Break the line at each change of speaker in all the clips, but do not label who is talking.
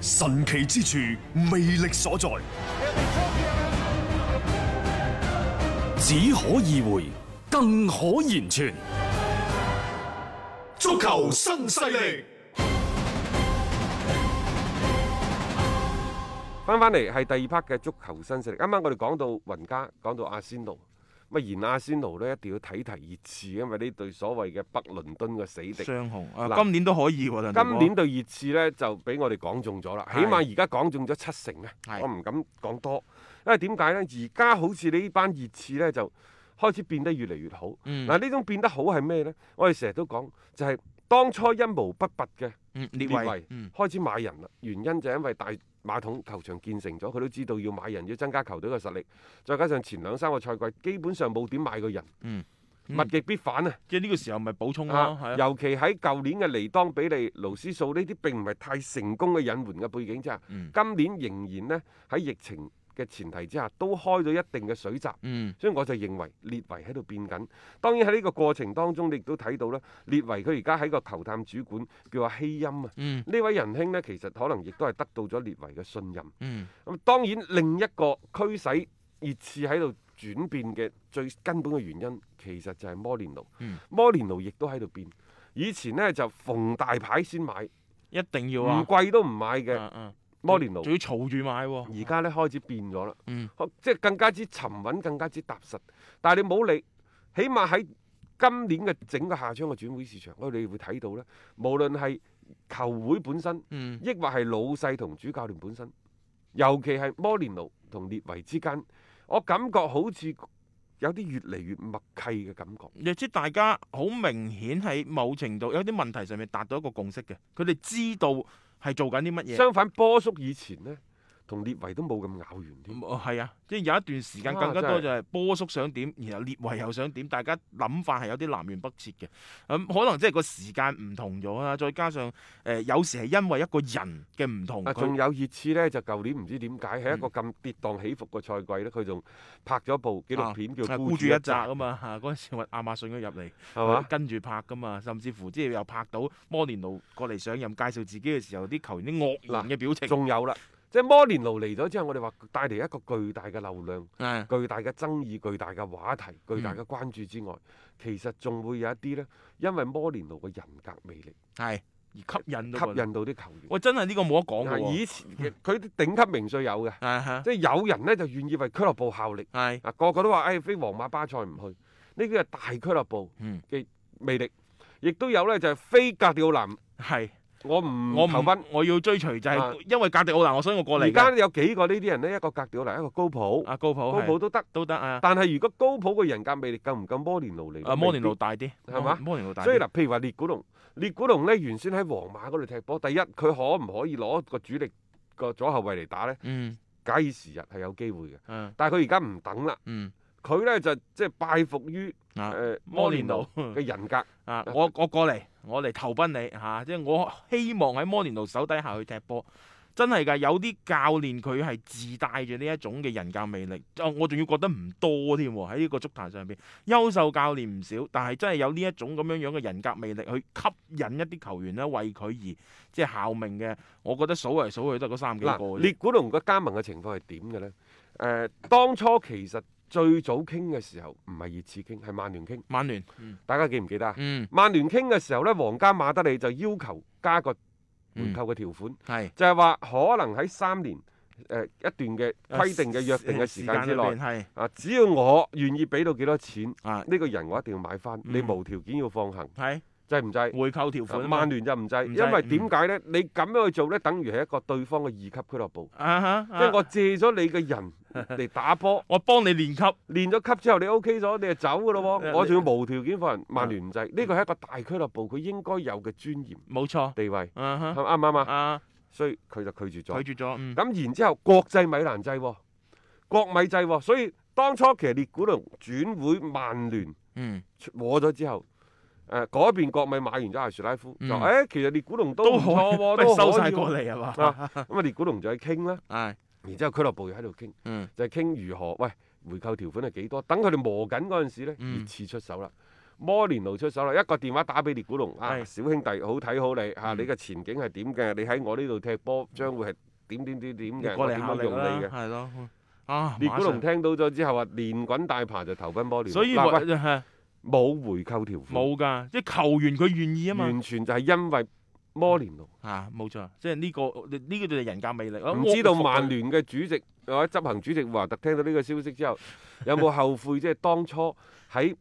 神奇之處，魅力所在，只可意會，更可言傳。足球新勢力，
翻翻嚟係第二 part 嘅足球新勢力。啱啱我哋講到雲加，講到阿仙奴。乜，而阿仙奴咧一定要睇提，提熱刺，因為呢對所謂嘅北倫敦嘅死敵，雙紅啊，今年都可以。今年對熱刺咧就俾我哋講中咗啦，是起碼而家講中咗七成咧。是我唔敢講多，因為點解咧？而家好似呢班熱刺咧就開始變得越嚟越好。嗱、嗯，呢、啊、種變得好係咩咧？我哋成日都講，就係、是、當初一毛不拔嘅列維開始買人啦。原因就因為大。馬桶球場建成咗，佢都知道要買人，要增加球隊嘅實力。再加上前兩三個賽季基本上冇點買過人，嗯嗯、物極必反啊！即係呢個時候咪補充咯、啊。啊啊、尤其喺舊年嘅尼當比利、勞斯數呢啲並唔係太成功嘅引援嘅背景之下，嗯、今年仍然呢喺疫情嘅前提之下，都開咗一定嘅水閘，嗯、所以我就認為列維喺度變緊。當然喺呢個過程當中，你亦都睇到咧，列維佢而家喺個球探主管叫阿希音啊，呢、嗯、位仁兄呢，其實可能亦都係得到咗列維嘅信任。咁、嗯、當然另一個驅使熱刺喺度轉變嘅最根本嘅原因，其實就係摩連奴。嗯、摩連奴亦都喺度變。以前呢，就逢大牌先買，一定要啊，唔貴都唔買嘅。Uh uh 摩連奴仲要嘈住買喎、哦，而家咧開始變咗啦，嗯、即係更加之沉穩，更加之踏實。但係你冇理，起碼喺今年嘅整個夏窗嘅轉會市場，我哋會睇到咧，無論係球會本身，抑、嗯、或係老細同主教練本身，尤其係摩連奴同列維之間，我感
覺好似有啲越嚟越默契嘅感覺。亦即大家好明顯喺某程度有啲問題上面達到一個共識嘅，佢哋知道。係做緊啲乜嘢？相反，波叔以前咧。同列維都冇咁咬完添，係、嗯、啊，即係有一段時間更加多就係波叔想點，然後列維又想點，大家諗法係有啲南轅北轍嘅。咁、嗯、可能即係個時間唔同咗啊。再加上誒、呃，有時係因為一個人嘅唔同。啊，仲有熱刺呢。就舊年唔知點解喺一個咁跌宕起伏嘅賽季呢，佢仲、嗯、拍咗部紀錄片、啊、叫《孤注一擲》啊嘛。嗰陣時亞馬遜佢入嚟，吧跟住拍噶嘛，甚至乎即係又拍到摩連奴過嚟上任介紹自己嘅時候，啲球員啲惡男嘅表情。仲、啊、有啦。即係摩連奴嚟咗之後，我哋話帶嚟一個巨大嘅流量、巨
大嘅爭議、巨大嘅話題、巨大嘅關注之外，其實仲會有一啲咧，因為摩連奴嘅人格魅力，係而吸引到吸引到啲球員。喂，真係呢個冇得講，以前佢啲頂級名帥有嘅，即係有人咧就願意為俱樂部效力。係啊，個個都話：誒，非皇馬、巴塞唔去。呢啲係大俱樂部嘅魅力，
亦都有咧，就係非格調林係。我唔，我唔分，我要追隨就係因為格迪奧拿，所以我過嚟。而家有
幾個呢啲人咧，一個格迪奧拿，一個高普。啊，高普，高普都得，都得啊！但係如果高普嘅人格魅力夠唔夠摩連奴嚟？啊，摩連奴大啲，係嘛？摩連奴大啲。所以嗱，譬如話列古龍，列古龍咧，原先喺皇馬嗰度踢波，第一佢可唔可以攞個主力個左後衛嚟打咧？嗯，假以時日係有機會嘅。嗯，但係佢而家唔等
啦。嗯，佢咧就即係拜服於誒摩連奴嘅人格啊，我我過嚟。我嚟投奔你嚇、啊，即係我希望喺摩連奴手底下去踢波，真係㗎。有啲教練佢係自帶住呢一種嘅人格魅力，啊、我我仲要覺得唔多添喎。喺呢個足壇上邊，優秀教練唔少，但係真係有呢一種咁樣樣嘅人格魅力去吸引一啲球員咧，為佢而即係效命嘅。我覺得數嚟數去都係嗰三幾個。列古龍嘅加盟嘅情況係點嘅咧？誒、呃，當初其實。
最早傾嘅時候唔係熱刺傾，係曼聯傾。曼聯，嗯、大家記唔記得啊？曼、嗯、聯傾嘅時候呢，皇家馬德里就要求加個回購嘅條款，嗯、就係話可能喺三年、呃、一段嘅規定嘅約定嘅時間之內，啊，只要我願意俾到幾多錢，呢、啊、個人我一定要買翻，嗯、你無條件要放行。嗯制唔制，回購條款。曼聯就唔制，因為點解咧？你咁樣去做咧，等於係一個對方嘅二級俱樂部。
啊哈！即係我
借咗你嘅人嚟打波，我幫你練級，練咗級之後你 OK 咗，你就走噶咯喎。我仲要無條件放人，曼聯唔制，呢個係一個大俱樂部，佢應該有嘅尊嚴。冇錯。地位。啊哈。啱唔啱啊？啊。所以佢就拒絕咗。拒絕咗。嗯。咁然之後，國際米蘭制，國米制。所以當初其實列古龍轉會曼聯，嗯，和咗之後。誒，改變國米買完咗阿雪拉夫就誒，其實列古龍都唔錯喎，都收曬過嚟係嘛？咁啊，列古龍就去傾啦，然之後俱樂部又喺度傾，就係傾如何喂，回購條款係幾多？等佢哋磨緊嗰陣時咧，熱刺出手啦，摩連奴出手啦，一個電話打俾列古龍啊，小兄弟好睇好你嚇，你嘅前景係點嘅？你喺我呢度踢波將會係點點點點嘅？我點樣用你嘅？係咯，列古龍聽到咗之後話，連滾帶爬就投奔摩連奴，所以就係。冇回購條款，冇㗎，即係球員佢願意啊嘛，完全就係因為摩連奴
嚇，冇錯、啊，即係呢、這個呢、這個就係人格魅力。唔知道曼聯嘅主席，係咪執行主席華特聽到呢個消息之後，
有冇後悔？ 即係當初喺誒、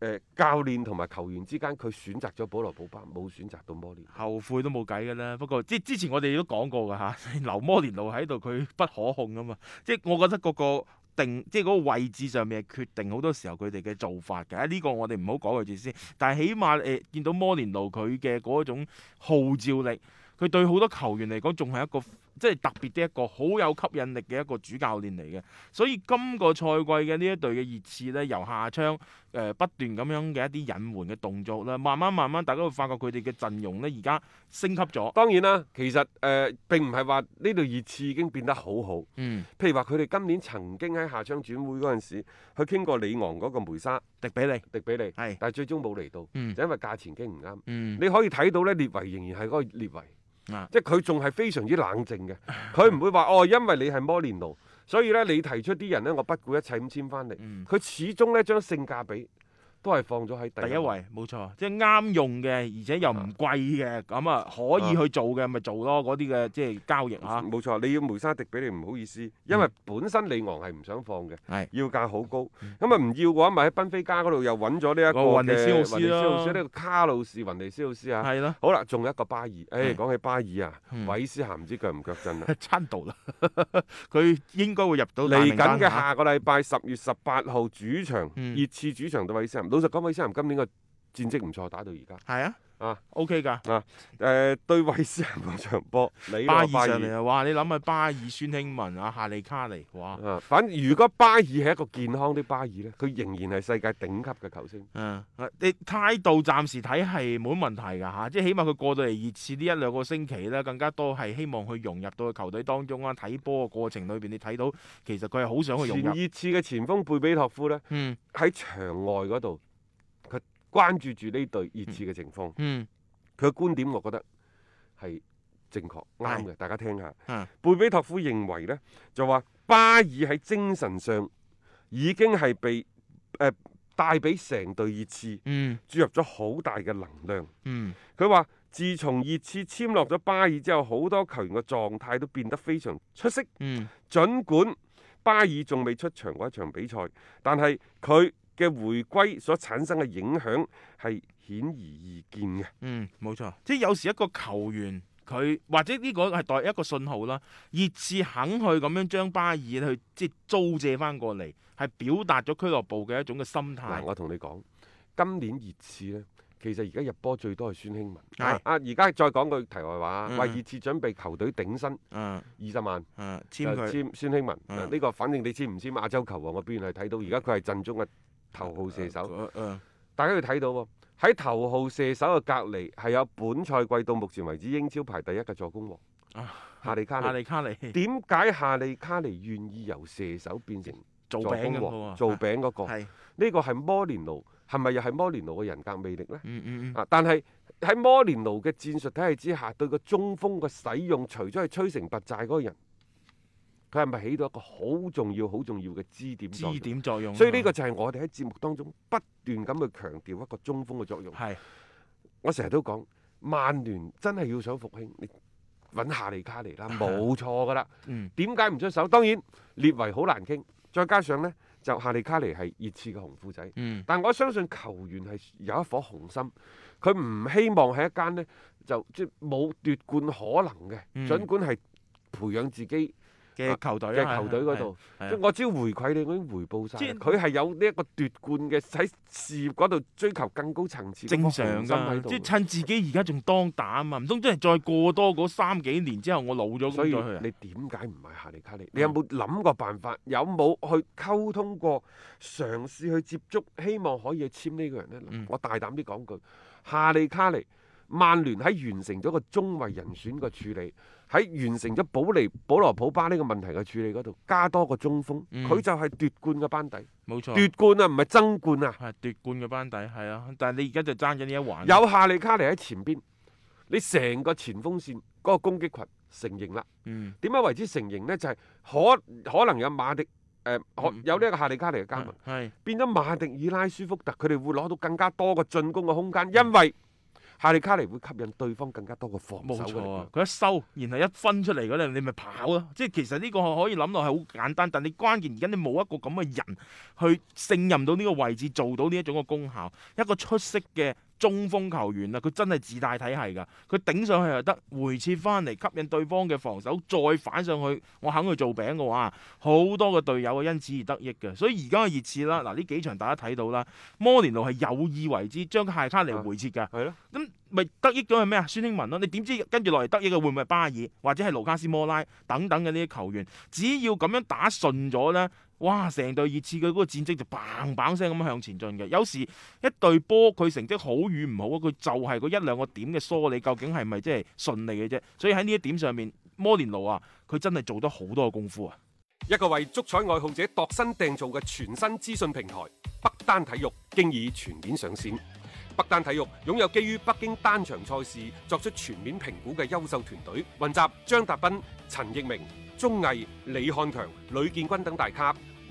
呃、教練同埋球員之間，佢選
擇咗保羅普巴，冇選擇到摩連奴。後悔都冇計㗎啦，不過之之前我哋都講過㗎嚇，留摩連奴喺度佢不可控啊嘛，即係我覺得個個。定即係嗰個位置上面係決定好多時候佢哋嘅做法嘅。呢、呢個我哋唔好講佢住先。但係起碼誒、呃、見到摩連奴佢嘅嗰種號召力，佢對好多球員嚟講仲係一個。即係特別的一個好有吸引力嘅一個主教練嚟嘅，所以今個賽季嘅呢一隊嘅熱刺呢，由夏窗誒不斷咁樣嘅一啲引援嘅動作啦，慢慢慢慢，大家都會發覺佢哋嘅陣容呢而家升級咗。當然啦，其實誒、呃、並唔係
話呢度熱刺已經變得好好。嗯、譬如話佢哋今年曾經喺夏窗轉會嗰陣時，去傾過里昂嗰個梅沙迪比利迪比利，比利，係，但係最終冇嚟到，嗯、就因為價錢經唔啱。嗯、你可以睇到呢列維仍然係嗰個列維。即係佢仲係非常之冷靜嘅，佢唔 會話哦，因為你係摩連奴，所以呢，你提出啲人呢，我不顧一切咁簽翻嚟。佢、嗯、始終呢，將性價比。都係放咗喺第一位，冇錯，
即係啱用嘅，而且又唔貴嘅，咁啊可以去做嘅，咪做咯，嗰啲嘅即係交
易嚇。冇錯，你要梅沙迪畀你唔好意思，因為本身里昂係唔想放嘅，要價好高，咁啊唔要嘅話咪喺賓菲加嗰度又揾咗呢一個嘅雲利斯奧斯，呢個卡路士雲利斯奧斯啊。係咯。好啦，仲有一個巴爾，誒講起巴爾啊，韋斯咸唔知腳唔腳震啊？
撐到啦，佢應該
會入到嚟，緊嘅下個禮拜十月十八號主場，熱刺主場對韋斯咸。老實講，韋思林今年嘅戰績唔錯，打到而家。
係啊。啊，OK 噶，啊，誒、okay 的啊呃、對韋斯咸呢場波，你巴爾上嚟啊，哇！你諗下巴爾孫興文、啊，夏利卡尼，哇！啊，反如果巴爾係一個健康的巴爾咧，佢仍然係世界頂級嘅球星。啊啊、你態度暫時睇係冇問題㗎嚇、啊，即係起碼佢過到嚟熱刺呢一兩個星期咧，更加多係希望佢融入到球隊當中啊。睇波嘅過程裏邊，你睇到其實佢係好想去融入。熱刺嘅前鋒貝比托夫咧，喺場外嗰度。嗯關注住呢隊熱刺
嘅情況，佢嘅、嗯、觀點我覺得係正確啱嘅、嗯，大家聽下。嗯啊、貝比托夫認為呢就話巴爾喺精神上已經係被誒、呃、帶俾成隊熱刺、嗯、注入咗好大嘅能量。佢話、嗯：自從熱刺簽落咗巴爾之後，好多球員嘅狀態都變得非常出色。嗯、儘管巴爾仲未出場過一場比賽，
但係佢嘅回歸所產生嘅影響係顯而易見嘅。嗯，冇錯。即係有時一個球員佢或者呢個係代一個信號啦，熱刺肯去咁樣將巴爾去即係租借翻過嚟，係表達咗俱樂部嘅一種嘅心態。嗱、嗯，我同你講，今年熱刺呢，其實而家
入波最多係孫興文。哎、啊，而家再講句題外話，為熱刺準備球隊頂薪，二十、嗯嗯、萬，簽佢、嗯。簽孫興文，呢、嗯這個反正你簽唔簽亞洲球王我必然，我邊係睇到而家佢係陣中嘅。頭號射手，呃呃、大家要睇到喎。喺頭號射手嘅隔離係有本賽季到目前為止英超排第一嘅助攻王，夏、啊、利卡尼。夏利卡尼點解夏利卡尼願意由射手變成助攻王？做餅嗰、啊嗰個。呢、啊啊、個係摩連奴，係咪又係摩連奴嘅人格魅力呢？嗯嗯嗯、啊，但係喺摩連奴嘅戰術體系之下，對個中鋒嘅使用，除咗係摧城拔寨嗰個人。佢係咪起到一個好重要、好重要嘅支點？支點作用。作用，所以呢個就係我哋喺節目當中不斷咁去強調一個中鋒嘅作用。係是，我成日都講，曼聯真係要想復興，你揾夏利卡尼啦，冇的錯噶啦。點解唔出手？當然，列維好難傾，再加上呢，就夏利卡尼係熱刺嘅紅褲仔。嗯、但我相信球員係有一顆紅心，佢唔希望喺一間呢就即冇、就是、奪冠可能嘅，嗯、儘管係培養自己。嘅球隊嘅、啊、球隊嗰度，即係我只要回饋你，我都回報曬。佢係的有呢一個奪冠嘅喺事業嗰度追求更高層次，正常喺度，即、就、係、是、
趁自己而家仲當打啊，唔通真係再過多嗰三幾年之後，我老咗？所以
你點解唔買夏利卡利？你有冇
諗過辦法？嗯、有冇去溝通過、
嘗試去接觸，希望可以去簽呢個人咧？嗯、我大膽啲講句，夏利卡利，曼聯喺完成咗個中衞人選嘅處理。嗯喺完成咗保利保羅普巴呢個問題嘅處理嗰度，加多個中鋒，佢、嗯、就係奪冠嘅班底。
冇錯，奪冠啊，唔係爭冠啊。係奪冠嘅班底，係啊，但係你而家就爭緊呢一環。有
夏利卡尼喺前邊，你成個前鋒線嗰個攻擊群成形啦。點解、嗯、為之成形呢？就係、是、可可能有馬迪誒，可、呃嗯、有呢一個夏利卡尼嘅加盟，係、嗯、變咗馬迪爾拉舒福特，佢哋會攞到更加多個進攻嘅空間，因為。夏利卡尼會吸引對方更加多嘅防守出嚟喎，啊，佢
一收，然後一分出嚟嗰陣，你咪跑咯。即係其實呢個可以諗落係好簡單，但關鍵你關鍵而家你冇一個咁嘅人去勝任到呢個位置做到呢一種嘅功效，一個出色嘅。中鋒球員啊，佢真係自帶體系噶，佢頂上去又得，回撤翻嚟吸引對方嘅防守，再反上去，我肯去做餅嘅話，好多個隊友啊，因此而得益嘅，所以而家嘅熱刺啦，嗱呢幾場大家睇到啦，摩連奴係有意為之將牌卡嚟回撤噶，係咯、啊，咁咪得益咗係咩啊？孫興文咯，你點知跟住落嚟得益嘅會唔會係巴爾或者係盧卡斯摩拉等等嘅呢啲球員？只要咁樣打順咗啦。哇！成隊熱刺佢嗰個戰績就棒棒聲咁向前進嘅。有時一隊波佢成績好與唔好，佢就係佢一兩個點嘅疏離，究竟係咪即係順利嘅啫？所以喺呢一點上面，摩連奴啊，佢真係做得好多功夫啊！
一個為足彩愛好者度身訂造嘅全新資訊平台北單體育，經已全面上線。北單體育擁有基於北京單場賽事作出全面評估嘅優秀團隊，雲集張達斌、陳奕明、鐘毅、李漢強、呂建軍等大咖。